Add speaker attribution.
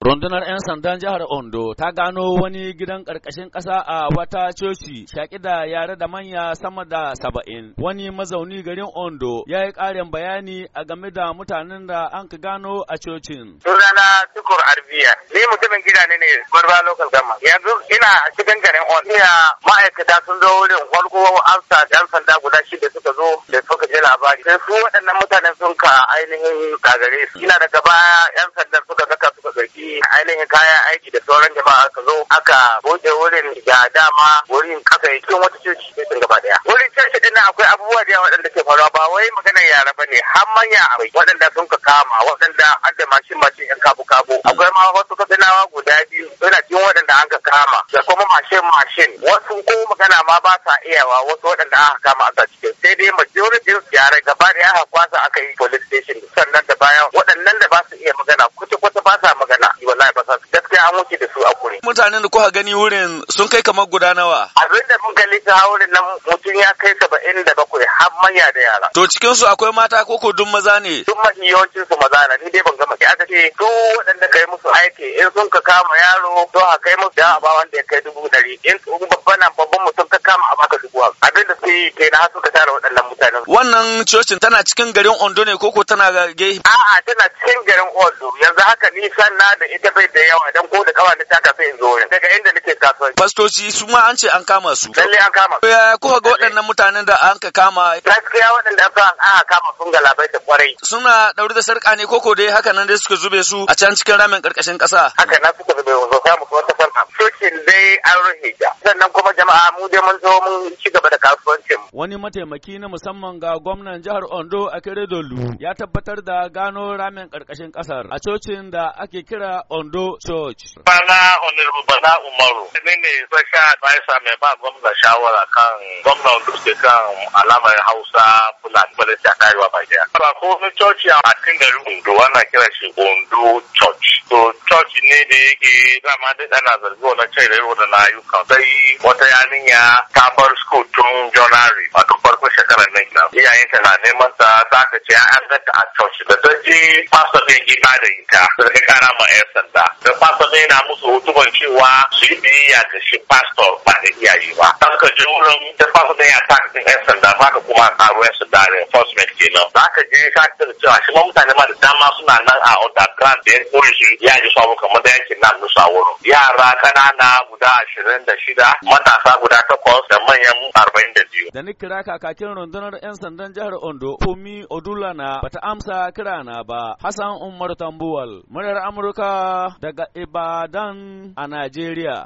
Speaker 1: Rundunar 'yan sandan jihar Ondo ta gano wani gidan ƙarƙashin ƙasa a wata coci shaƙi da yare da manya sama da saba'in. Wani mazauni garin Ondo ya yi ƙarin bayani a game da mutanen da an ka gano a cocin. Sunana
Speaker 2: Tukur Arbiya, ni mutumin gida ne ne Gwarba Local gama. Yanzu ina cikin garin Ondo. Ina ma'aikata sun zo wurin farko amsa 'yan sanda guda shida suka zo da suka ji labari. Sai su waɗannan mutanen sun ka ainihin gagare. Ina daga baya 'yan sanda ɗauki ainihin kayan aiki da sauran jama'a aka zo aka buɗe wurin da dama wurin kasa ya cikin wata coci sun gaba ɗaya. Wurin coci din akwai abubuwa da yawa waɗanda ke faruwa ba wai magana yara ba ne har manya abai waɗanda sun ka kama waɗanda an da mashin mashin yan kabu kabu. Akwai ma wasu katsinawa guda biyu suna cikin waɗanda an ka kama da kuma mashin mashin wasu ko magana ma ba sa iyawa wasu waɗanda aka kama aka cikin sai dai majority yara gaba da a kwasa aka yi police station sannan da bayan
Speaker 1: su a kure. Mutanen da kuka gani wurin sun kai kamar guda nawa?
Speaker 2: Abin da mun kalli ta wurin nan mutum ya kai saba'in da bakwai har manya da yara.
Speaker 1: To cikin su akwai mata ko ko duk maza ne? Duk
Speaker 2: mafi yawancin su maza na, ni dai ban gama aka ce duk waɗanda kai musu aiki in sun ka kama yaro to a kai musu da ba wanda ya kai dubu ɗari in babban babban mutum ka abin da suke yi kenan har suka tara waɗannan mutanen.
Speaker 1: Wannan cocin tana cikin garin Ondo ne koko tana gehe? A'a
Speaker 2: tana cikin garin Ondo yanzu haka nisan na da ita bai
Speaker 1: da yawa dan ko da kawa na taka sai in zo wurin daga inda nake kasuwanci. Fastoci su ma an ce an kama su. Lalle an kama. Ya kuka ga waɗannan mutanen da an ka kama? Gaskiya waɗanda aka aka kama sun ga labai da kwarai. Suna ɗaure da sarƙa ne koko dai haka nan dai suka zube su a can cikin ramin ƙarƙashin ƙasa. Haka na suka zube wanzu samu wata kasuwancin dai an rufe ta sannan kuma jama'a mu dai mun zo mun ci gaba da kasuwancin wani mataimaki na musamman ga gwamnan jihar Ondo a Dolu ya tabbatar da gano ramin karkashin kasar a cocin da ake kira Ondo Church
Speaker 3: bana honorable bana Umaru ne ne special advisor mai ba gwamna shawara kan gwamnan Ondo ke kan alamar Hausa Fulani Balasi a Kaiwa Bajiya ba ko ni church a cikin garin Ondo ana kira shi Ondo Church coci ne da yake dama da ana zargi na cire da yau da layuka sai wata yarinya ta bar school tun January wato farko shekarar nan na iyayen ta na neman ta ta ka ce an ta a church da ta je pastor ne gida da ita da ta kara ma yan sanda da pastor ne na musu hutuban cewa su yi biyayya da shi pastor ba da iyaye ba ka je wurin da ne ya ta haka kuma arrest da reinforcement kenan za ka je ka cewa shi ma mutane ma da dama suna nan a underground da ya kore shi ya ji samu kamar da yakin nan nusa wurin yara kanana guda ashirin da shida matasa guda takwas da manyan arba'in
Speaker 1: da biyu. da ni kira kakakin rundunar 'yan sandan jihar ondo komi odulana bata amsa kira na ba hassan umar tambuwal muryar amurka daga ibadan a najeriya